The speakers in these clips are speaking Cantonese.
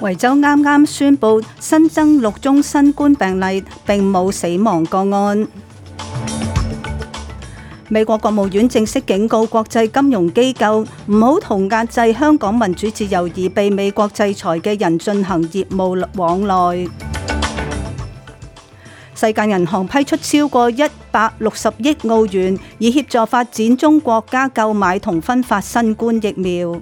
維州啱啱宣布新增六宗新冠病例，並冇死亡個案。美國國務院正式警告國際金融機構唔好同壓制香港民主自由而被美國制裁嘅人進行業務往來。世界銀行批出超過一百六十億澳元，以協助發展中國家購買同分發新冠疫苗。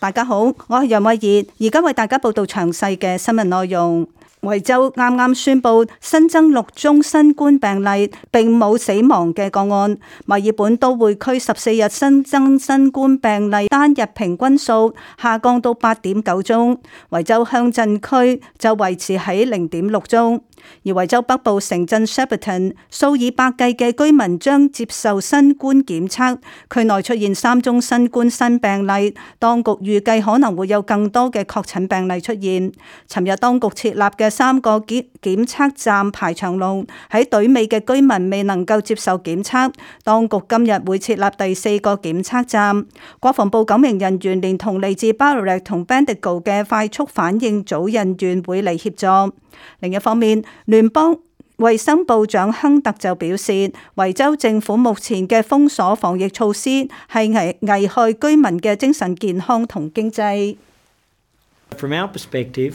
大家好，我係楊慧怡，而家為大家報道詳細嘅新聞內容。維州啱啱宣布新增六宗新冠病例，並冇死亡嘅個案。墨爾本都會區十四日新增新冠病例單日平均數下降到八點九宗，維州鄉鎮區就維持喺零點六宗。而維州北部城鎮 Shepparton 數以百計嘅居民將接受新冠檢測，區內出現三宗新冠新病例，當局預計可能會有更多嘅確診病例出現。尋日當局設立嘅三個檢檢測站排長龍，喺隊尾嘅居民未能夠接受檢測。當局今日會設立第四個檢測站。國防部九名人員連同嚟自巴羅勒同班迪高嘅快速反應組人員會嚟協助。另一方面，聯邦衞生部長亨特就表示，維州政府目前嘅封鎖防疫措施係危危害居民嘅精神健康同經濟。From our perspective.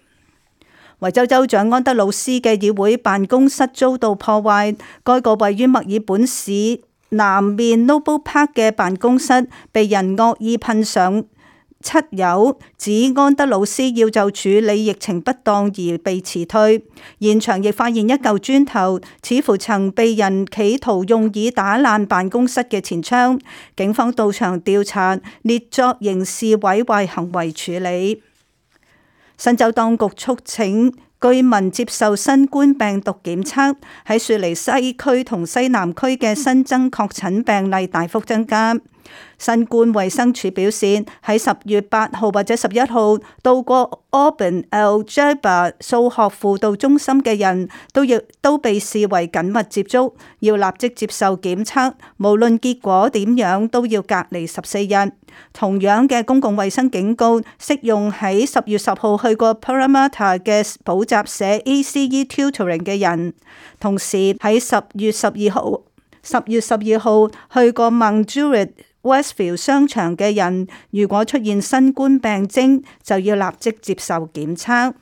維州州長安德魯斯嘅議會辦公室遭到破壞，該個位於墨爾本市南面 Noble Park 嘅辦公室被人惡意噴上漆油，指安德魯斯要就處理疫情不當而被辭退。現場亦發現一嚿磚頭，似乎曾被人企圖用以打爛辦公室嘅前窗。警方到場調查，列作刑事毀壞行為處理。新州當局促請居民接受新冠病毒檢測，喺雪梨西區同西南區嘅新增確診病例大幅增加。新冠衛生署表示，喺十月八號或者十一號到過 Orban Algebra 數學輔導中心嘅人都要都被視為緊密接觸，要立即接受檢測，無論結果點樣都要隔離十四日。同樣嘅公共衛生警告適用喺十月十號去過 Parramatta 嘅補習社 ACE Tutoring 嘅人，同時喺十月十二號十月十二號去過 Mount Druitt。Westfield 商場嘅人，如果出現新冠病徵，就要立即接受檢測。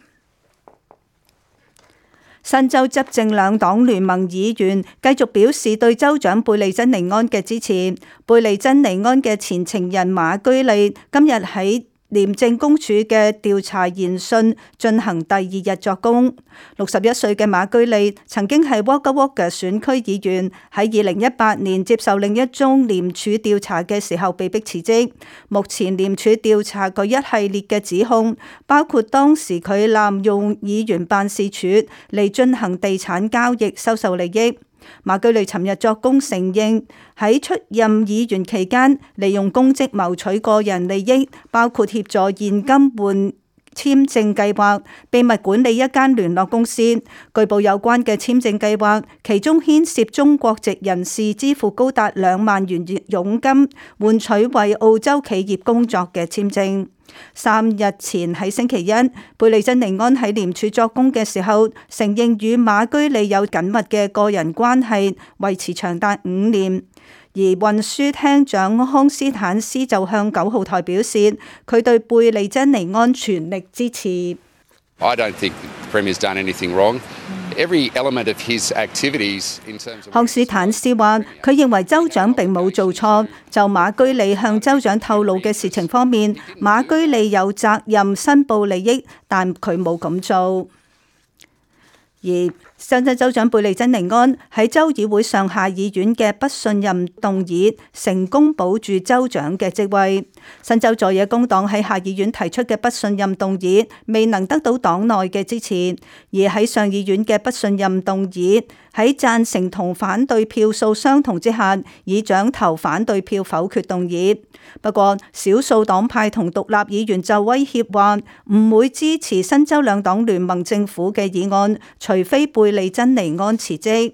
新州執政兩黨聯盟議員繼續表示對州長貝利珍尼安嘅支持。貝利珍尼安嘅前情人馬居利今日喺廉政公署嘅調查聆訊進行第二日作供。六十一歲嘅馬居利曾經係 Wagga Wagga 選區議員，喺二零一八年接受另一宗廉署調查嘅時候被迫辭職。目前廉署調查佢一系列嘅指控，包括當時佢濫用議員辦事處嚟進行地產交易，收受利益。馬基里尋日作供承認，喺出任議員期間，利用公職謀取個人利益，包括協助現金換。簽證計劃秘密管理一間聯絡公司，據報有關嘅簽證計劃，其中牽涉中國籍人士支付高達兩萬元佣金，換取為澳洲企業工作嘅簽證。三日前喺星期一，貝利鎮尼安喺廉署作供嘅時候，承認與馬居里有緊密嘅個人關係，維持長達五年。而運輸廳長康斯坦斯就向九號台表示，佢對貝利珍尼安全力支持。I don't think the premier's done anything wrong. Every element of his activities. 康斯坦斯話：佢認為州長並冇做錯。就馬居利向州長透露嘅事情方面，馬居利有責任申報利益，但佢冇咁做。而新州州長貝利珍尼安喺州議會上下議院嘅不信任動議，成功保住州長嘅職位。新州在野工黨喺下議院提出嘅不信任動議未能得到黨內嘅支持，而喺上議院嘅不信任動議，喺贊成同反對票數相同之下，以掌投反對票否決動議。不過，少數黨派同獨立議員就威脅話唔會支持新州兩黨聯盟政府嘅議案，除非貝利珍尼安辭職。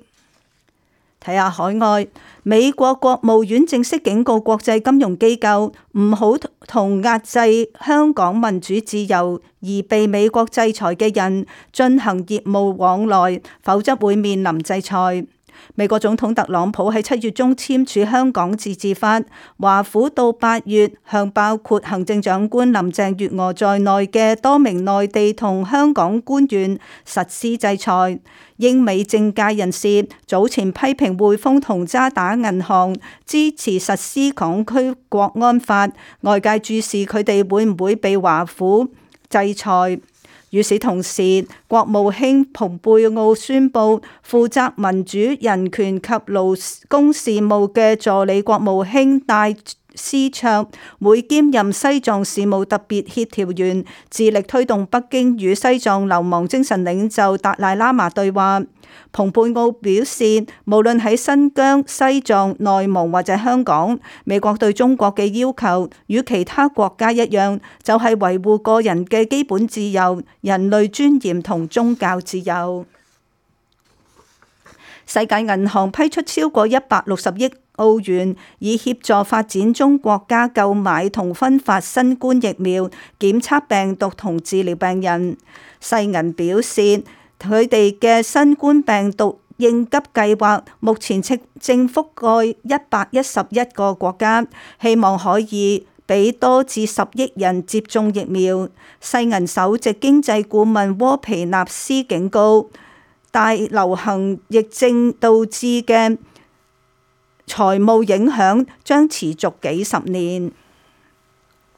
睇下海外，美國國務院正式警告國際金融機構唔好同壓制香港民主自由而被美國制裁嘅人進行業務往來，否則會面臨制裁。美國總統特朗普喺七月中簽署《香港自治法》，華府到八月向包括行政長官林鄭月娥在內嘅多名內地同香港官員實施制裁。英美政界人士早前批評匯豐同渣打銀行支持實施港區國安法，外界注視佢哋會唔會被華府制裁。與此同時，國務卿蓬佩奧宣布，負責民主、人權及勞工事務嘅助理國務卿戴斯卓會兼任西藏事務特別協調員，致力推動北京與西藏流亡精神領袖達賴喇嘛對話。蓬佩奧表示，無論喺新疆、西藏、內蒙或者香港，美國對中國嘅要求與其他國家一樣，就係維護個人嘅基本自由、人類尊嚴同宗教自由。世界銀行批出超過一百六十億澳元，以協助發展中國家購買同分發新冠疫苗、檢測病毒同治療病人。世銀表示，佢哋嘅新冠病毒應急計劃目前正覆蓋一百一十一個國家，希望可以俾多至十億人接種疫苗。世銀首席經濟顧問沃皮納斯警告，大流行疫症導致嘅財務影響將持續幾十年。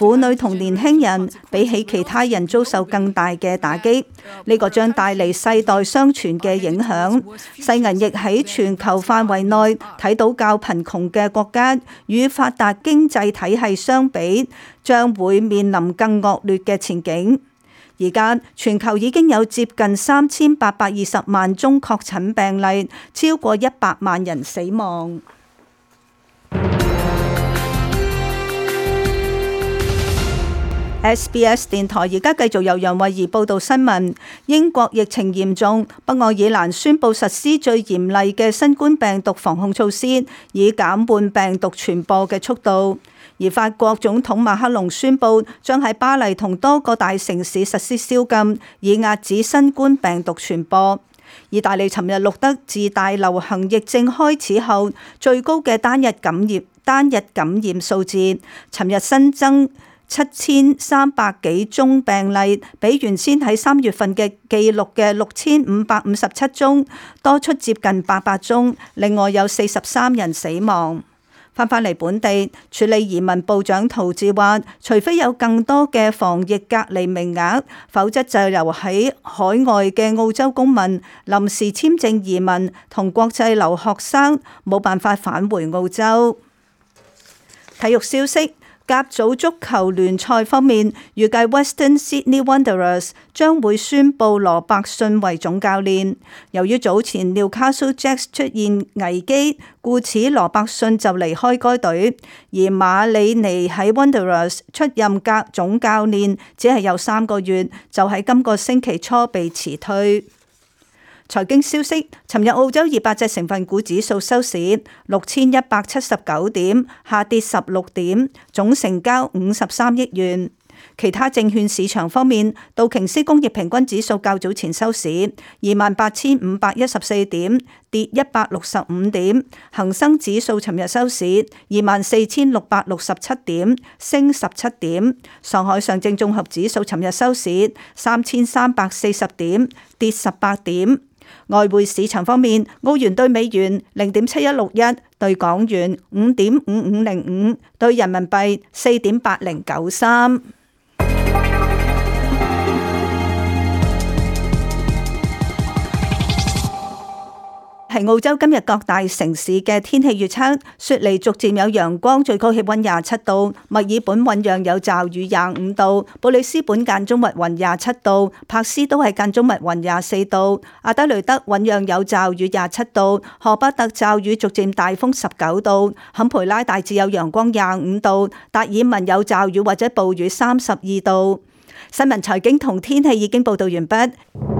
婦女同年輕人比起其他人遭受更大嘅打擊，呢個將帶嚟世代相傳嘅影響。世銀亦喺全球範圍內睇到較貧窮嘅國家與發達經濟體系相比，將會面臨更惡劣嘅前景。而家全球已經有接近三千八百二十萬宗確診病例，超過一百萬人死亡。SBS 電台而家繼續由楊慧儀報道新聞。英國疫情嚴重，北愛爾蘭宣布實施最嚴厲嘅新冠病毒防控措施，以減慢病毒傳播嘅速度。而法國總統馬克龍宣布將喺巴黎同多個大城市實施宵禁，以遏止新冠病毒傳播。意大利尋日錄得自大流行疫症開始後最高嘅單日感染單日感染數字。尋日新增。七千三百幾宗病例，比原先喺三月份嘅記錄嘅六千五百五十七宗多出接近八百宗。另外有四十三人死亡。翻返嚟本地，處理移民部長陶治話，除非有更多嘅防疫隔離名額，否則就留喺海外嘅澳洲公民、臨時簽證移民同國際留學生冇辦法返回澳洲。體育消息。甲組足球聯賽方面，預計 Western Sydney Wanderers 將會宣佈羅伯遜為總教練。由於早前 Newcastle Jets 出現危機，故此羅伯遜就離開該隊。而馬里尼喺 Wanderers 出任甲總教練，只係有三個月，就喺今個星期初被辭退。財經消息，尋日澳洲二百隻成分股指數收市六千一百七十九點，下跌十六點，總成交五十三億元。其他證券市場方面，道瓊斯工業平均指數較早前收市二萬八千五百一十四點，跌一百六十五點。恒生指數尋日收市二萬四千六百六十七點，升十七點。上海上證綜合指數尋日收市三千三百四十點，跌十八點。外匯市場方面，澳元對美元零點七一六一，對港元五點五五零五，對人民幣四點八零九三。係澳洲今日各大城市嘅天氣預測：雪梨逐漸有陽光，最高氣溫廿七度；墨爾本醞釀有驟雨，廿五度；布里斯本間中密雲，廿七度；帕斯都係間中密雲，廿四度；阿德雷德醞釀有驟雨，廿七度；荷巴特驟雨逐漸大風，十九度；坎培拉大致有陽光，廿五度；達爾文有驟雨或者暴雨，三十二度。新聞財經同天氣已經報道完畢。